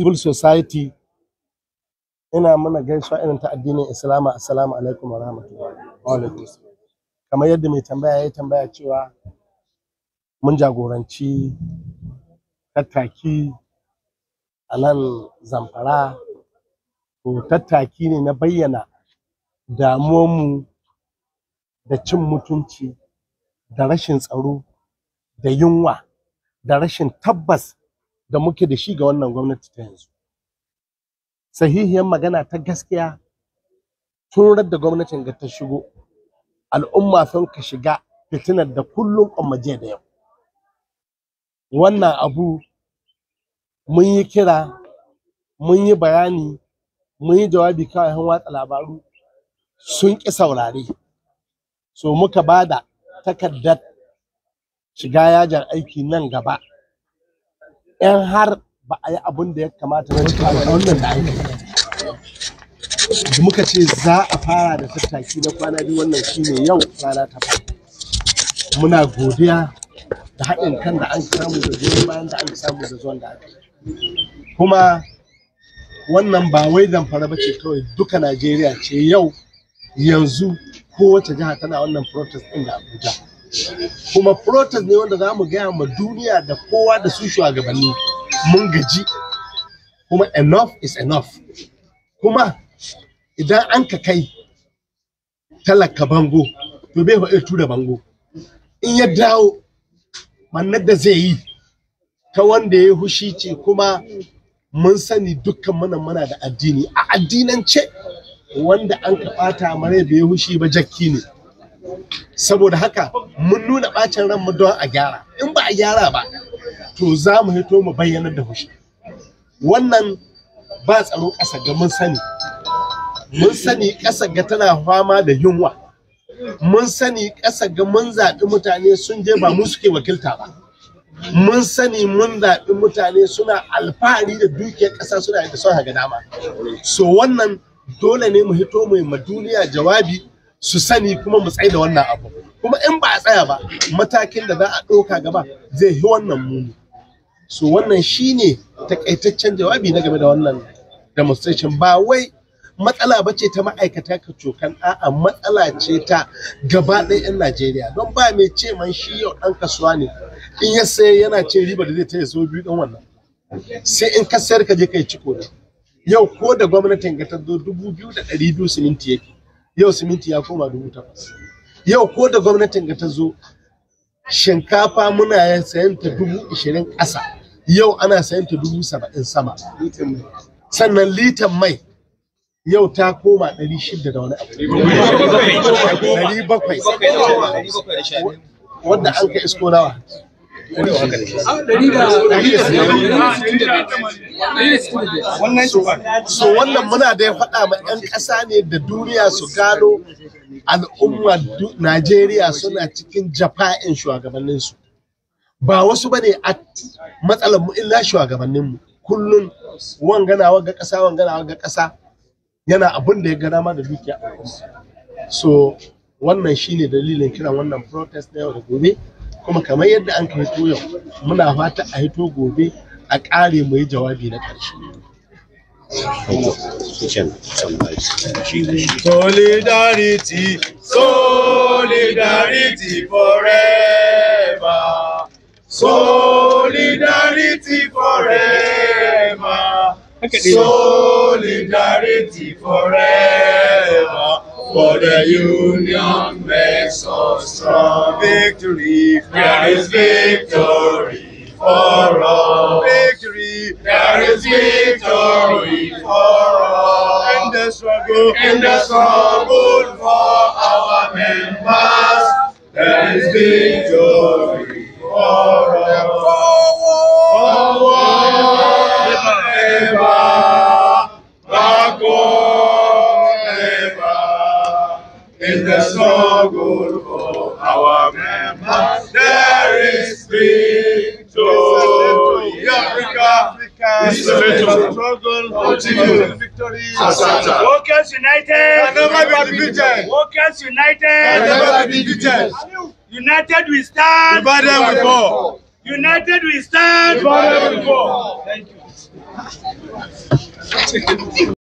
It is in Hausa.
civil society ina mana gaisuwa irin ta addinin islama assalamu alaikum wa rahmatullahi kamar yadda mai tambaya ya tambaya cewa mun jagoranci tattaki a nan zamfara to tattaki ne na bayyana damuwanmu da cin mutunci da rashin tsaro da yunwa da rashin tabbas da muke da shi ga wannan gwamnati ta yanzu sahihiyar magana ta gaskiya tun da gwamnatin ga ta shigo al'umma sun ka shiga fitinar da kullum kwamaje da yau wannan abu mun yi kira mun yi bayani mun yi jawabi kawai han watsa labaru sun ƙi saurare so muka ba da takardar shiga yajin aiki nan gaba in har ba a yi abin da ya kamata ba cikin wannan da aka muka ce za a fara da tattaki na kwana biyu wannan ne yau rana ta muna godiya da haɗin kan da an samu da goyon bayan da an samu da zuwan da aka kuma wannan ba wai zamfara ba ce kawai duka najeriya ce yau yanzu kowace jiha tana wannan protest ɗin da abuja kuma protest ne wanda za mu gaya ma duniya da kowa da su shugabanni mun gaji kuma enough is enough kuma idan an ka kai talaka bango to bai faɗi tura bango in ya dawo mannar da zai yi ta wanda ya hushi ce kuma mun sani dukkan mana mana da addini a addinance wanda an ka ɓata mana bai hushi ba jakki ne saboda haka mun nuna bacin mu don a gyara in ba a gyara ba to za mu hito mu bayyana da fushi wannan ba tsaro ƙasa ga mun sani mun sani ƙasa ga tana fama da yunwa mun sani ƙasa ga mun zaɓi mutane sun je ba mu suke wakilta ba mun sani mun zaɓi mutane suna alfahari da dukiyar ƙasa suna da son haga dama so wannan dole ne mu hito mu ma duniya jawabi su sani kuma mu tsaye da wannan abu kuma in ba a tsaya ba matakin da za a ɗauka gaba zai yi wannan muni so wannan shine takaitaccen jawabi na game da wannan demonstration ba wai matsala ba ce ta ma'aikata ka cokan a'a matsala ce ta gaba ɗaya 'yan Najeriya don ba mai ce man shi yau ɗan kasuwa ne in ya saye yana ce riba da zai taya yaso biyu ɗan wannan sai in ka sayar ka je kai ciko ne. yau ko da gwamnatin ga ta zo dubu biyu da ɗari biyu siminti yake yau siminti ya koma dubu takwas yau ko da gwamnatin ga ta zo shinkafa muna sayan ta dubu ishirin ƙasa yau ana sayan ta dubu saba'in sama sannan litan mai yau ta koma ɗari shida da wani abu ɗari bakwai wanda an ka isko nawa so wannan muna da ya faɗa ma 'yan ƙasa ne da duniya su gano al'ummar najeriya suna cikin jafa'in shugabanninsu ba wasu ba ne a matsalar mu illa shugabanninmu kullum wangana wanga ƙasa wangana wanga ƙasa yana abin da ya gana ma da dukiya so wannan shine dalilin kiran wannan protest na yau da gobe kuma kamar yadda an kai to yau muna fata a hito gobe a ƙare mu yi jawabi na ƙarshe Solidarity, solidarity forever. Solidarity forever. Solidarity forever. For the union makes us strong. Victory, there is victory for all. Victory, there is victory for all. In the struggle, in the struggle. In the struggle for our members. There is oh, victory. Africa is the struggle of victory. Workers United never be defeated. Workers United never be defeated. United we stand. Divided we fall. United we stand. Divided we fall. Thank you.